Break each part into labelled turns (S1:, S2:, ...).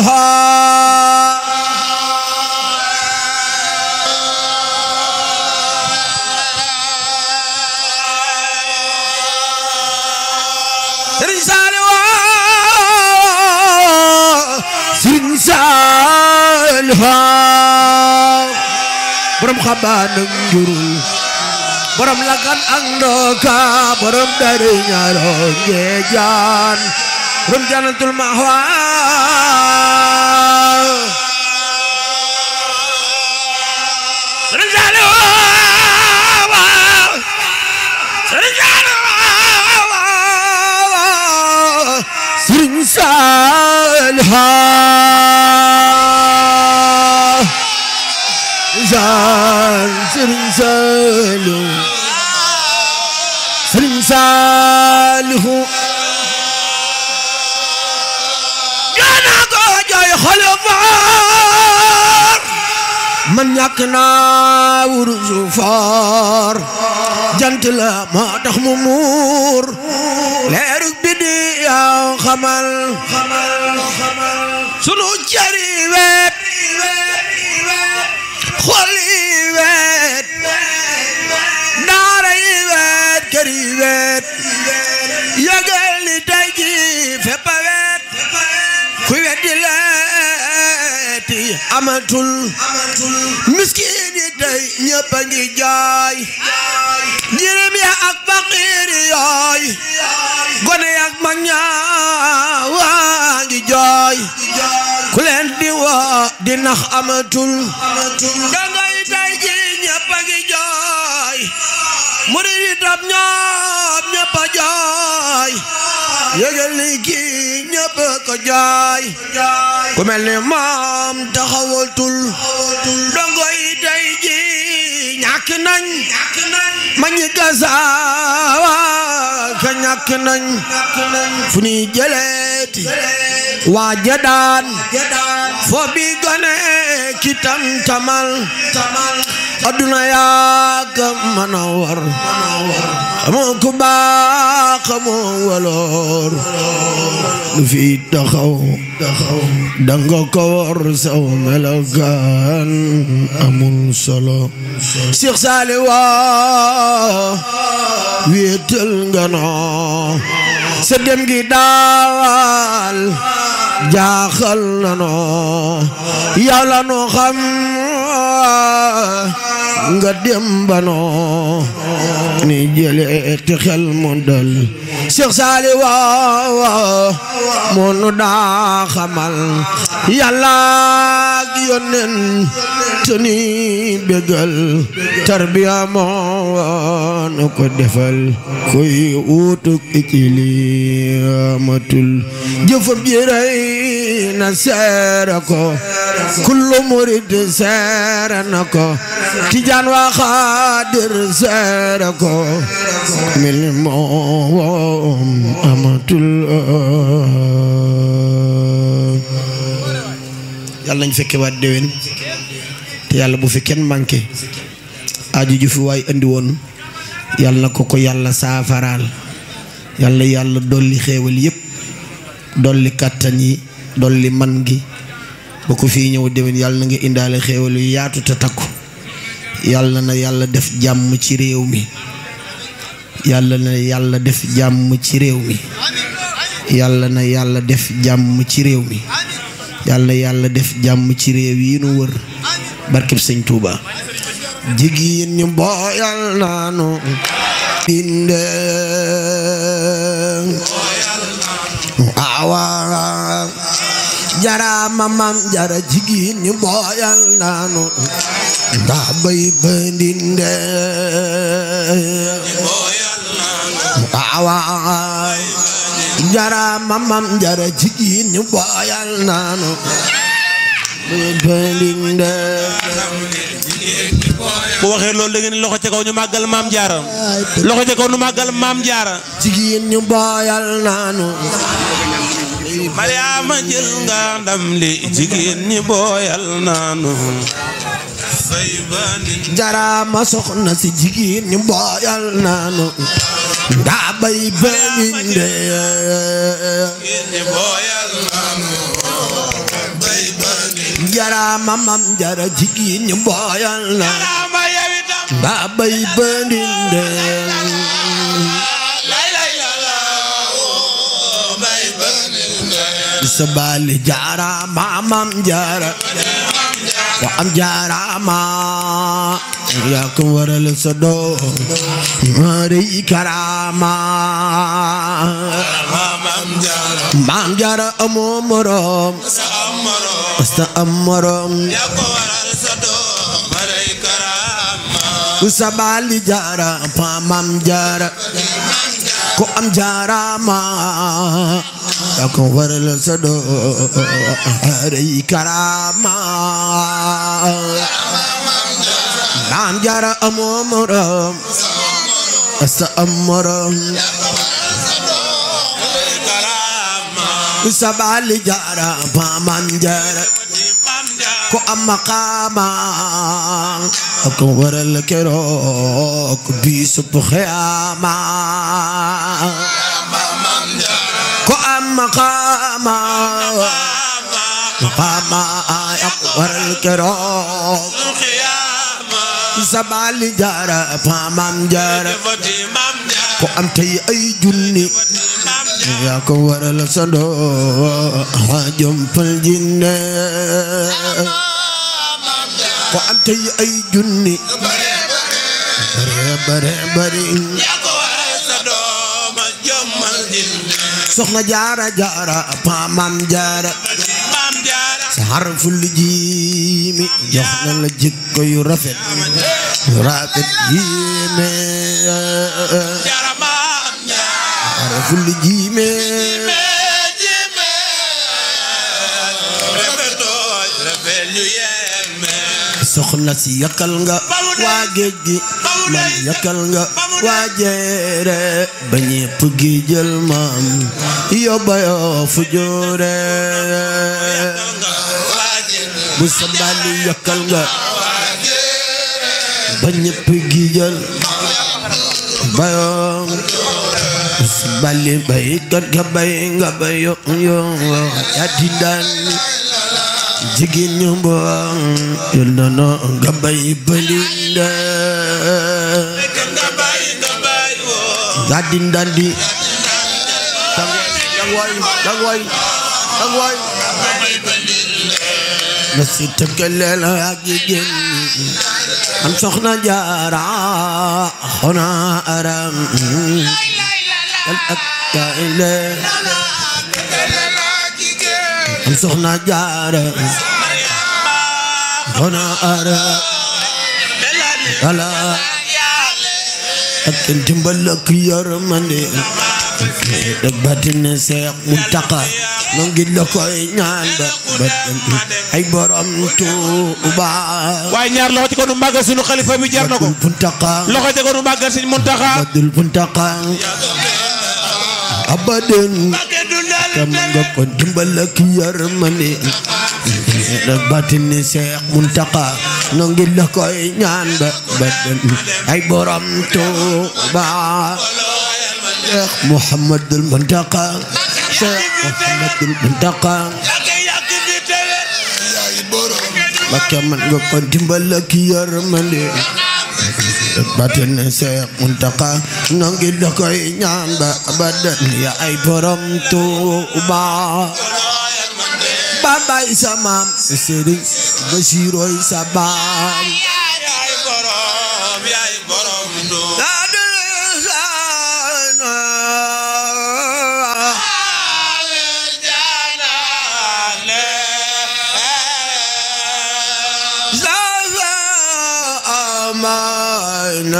S1: الها
S2: رسالة
S1: سنسالها برم خبان نجرو برم لغن أندوكا برم داري نيارو جيجان برم جانتو
S2: المحوان Salha Zal Serigne Saliou Serigne Saliou
S1: ñana ko jooy xol man ñàkk naa wurusu foor jant la moo tax mu muur xamal sunu cari weet
S2: xoli weet daara yi weet kër
S1: yi weet yëgal li tey ji fépp a weet ku weddi leeti amatul miskin yi tey ñëpp a ngi jaay jirim ya ak faqiir yooy gone yak mag ñaay di nax amatul dangay tay ji ñëpp a ngi jooy murid itam ñoom ñëpp a jooy yëgal ni kii ñëpp ko jooy ku mel ni moom taxawatul dongo yi tay ji ñàkk nañ ma ñi gasawa ka ñàkk nañ fu ñuy jëleeti waa jadaan fo bi gone ki tam tamal aduna yaa ka mën a war moo ko baax xamoo waloor lu fi taxaw danga ko saw melokaan amul solo Cheikh Sali waa wéetal nga noo sa gi daal jaaxal na noo yàlla xam nga dem banoo ni jëlee te xel mu dal Cheikh Sali waaw moo nu daa xamal yàlla ak yónneen te ni bégal tarbiya nu ko defal koy wutuk ikilimatul jëfam ji rey na seere ko kullu murid seere na ko Tijaan waa Xaadir seere ko mil moom amatul yàlla nañ fekke waat déwén te yàlla bu fi kenn manqué aju ju fi waay andi yàlla na ko ko yàlla saafaraal yàlla yàlla dolli xéewal yépp dolli kàttan yi dolli man gi ba ko fii ñëw déwén yàlla na nga indaale xéewal yu yaatu te takku yàlla na yàlla def jàmm ci réew mi yàlla na yàlla def jàmm ci réew mi yàlla na yàlla def jàmm ci réew mi yàlla yàlla def jàmm ci réew yi nu wër barkeb sëñ Tuuba jigéen ñi booyal naanu dinde awa jara mamam jara jigéen ñi booyal naanu Dabay bandinde Awa jara mamam jara jigéen bu waxee loolu da ngeen loxo ci kaw ñu màggal maam jaara loxo ca kaw ñu màggal maam jaara jigéen ñu boyal naanu Mariama jël nga ndam li jigéen ñi boyal naanu jaraama soxna si jigéen ñu booyal naanu daa bay baninde jaraama mam jara jigéen ñu booyal naanu daa bay baninde sabaali jaraama mam jara wa am jaaraama yaa waral sa mari karama maam waral sa mari karama sa baali jaara pa ko am jaaraama ko waral sa doorey karama naan jara amoo morom sa am morom sa bali jara paman jara ko am maqama ko waral keroog bisu xiyama مقاما am tey ay junni yaa ko waral sa doo xaajom fal jinne ko am tey ay junni bare bare bare soxna jaara jaara paamam jaara sa xarful jiimi jox na jikko yu rafet yu rafet jiime xarful jiime jiime
S2: rafet ñu yee
S1: soxna si yàkkal nga waa géej gi man yàkkal nga waa jeere ba ñépp gi jël maam yóbba yoo fu jóore bu sambaali yàkkal nga ba ñépp gi jël ba yoo bu sambaali baykat ga bay nga ba yoo yoo yaa di daan jigéen ñu mboom yal na noo nga bay balinda dandi dandi dangway dangway dangway na si tëkkaleel ak jigéen am soxna jaara xona aram al ak kaile am soxna jaara soxna ara ala ak ndimbal ak yërmande ak batin Seex Muntaqa noo ngi la koy ñaan ba ay borom Tuuba waaye ñaar loxo ci ko nu màggal sunu xalifa bi jar na ko loxo ci ko nu màggal sunu Muntaqa abadul Muntaqa abadan te mën nga ko dimbal ak yërmande ak batini Seex Muntaqa no ngi la koy ñaan ba ba ay borom Tuuba Seex Muhammadul Muntaqa Seex Muhammadul Muntaqa ba te mën nga ko dimbal ak yërmande batin Seex Muntaqa noo ngi da koy ba abadan ya ay borom Tuuba babaay sa maam Sëriñ Basiiroy sa mine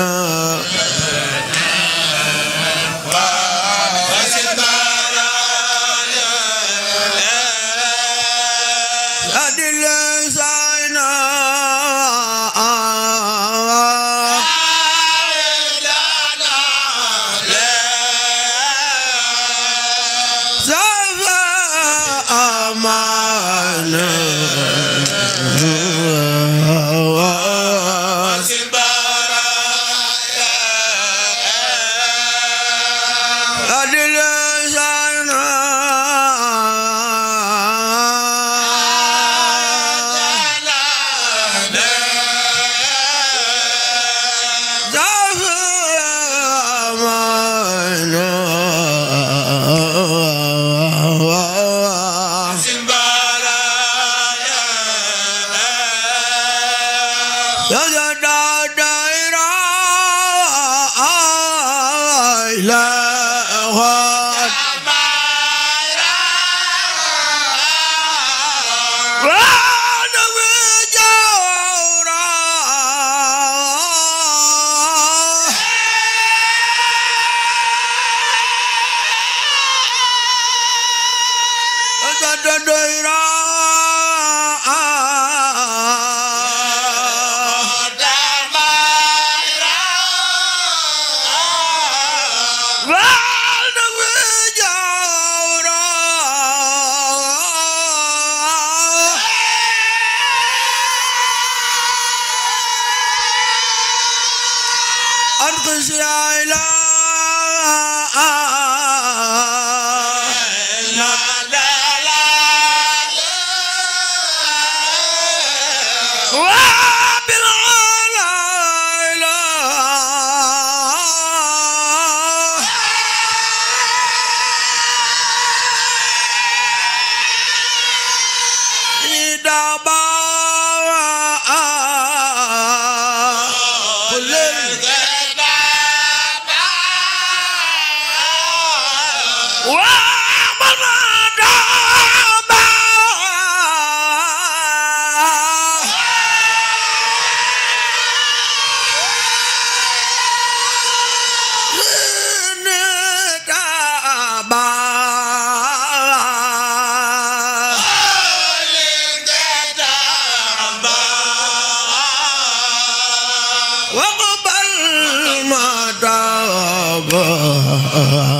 S1: doira Uh, uh, uh.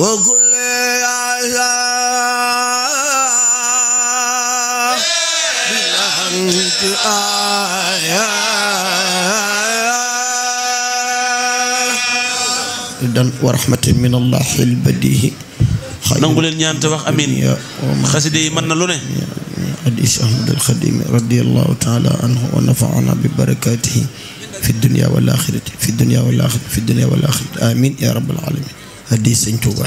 S1: وكل
S2: عزاء بالحمد آية
S1: دل ورحمة من الله البديه nangu leen ñaan te wax amin xaside yi mën na lu ne hadis ahmad alxadim radiallahu taala anhu wa nafaana bi barakatihi fi dunia wal axirati fi dunia wal axirati fi dunia wal axirati amin ya rabbal alamin addi sëñ Tuuba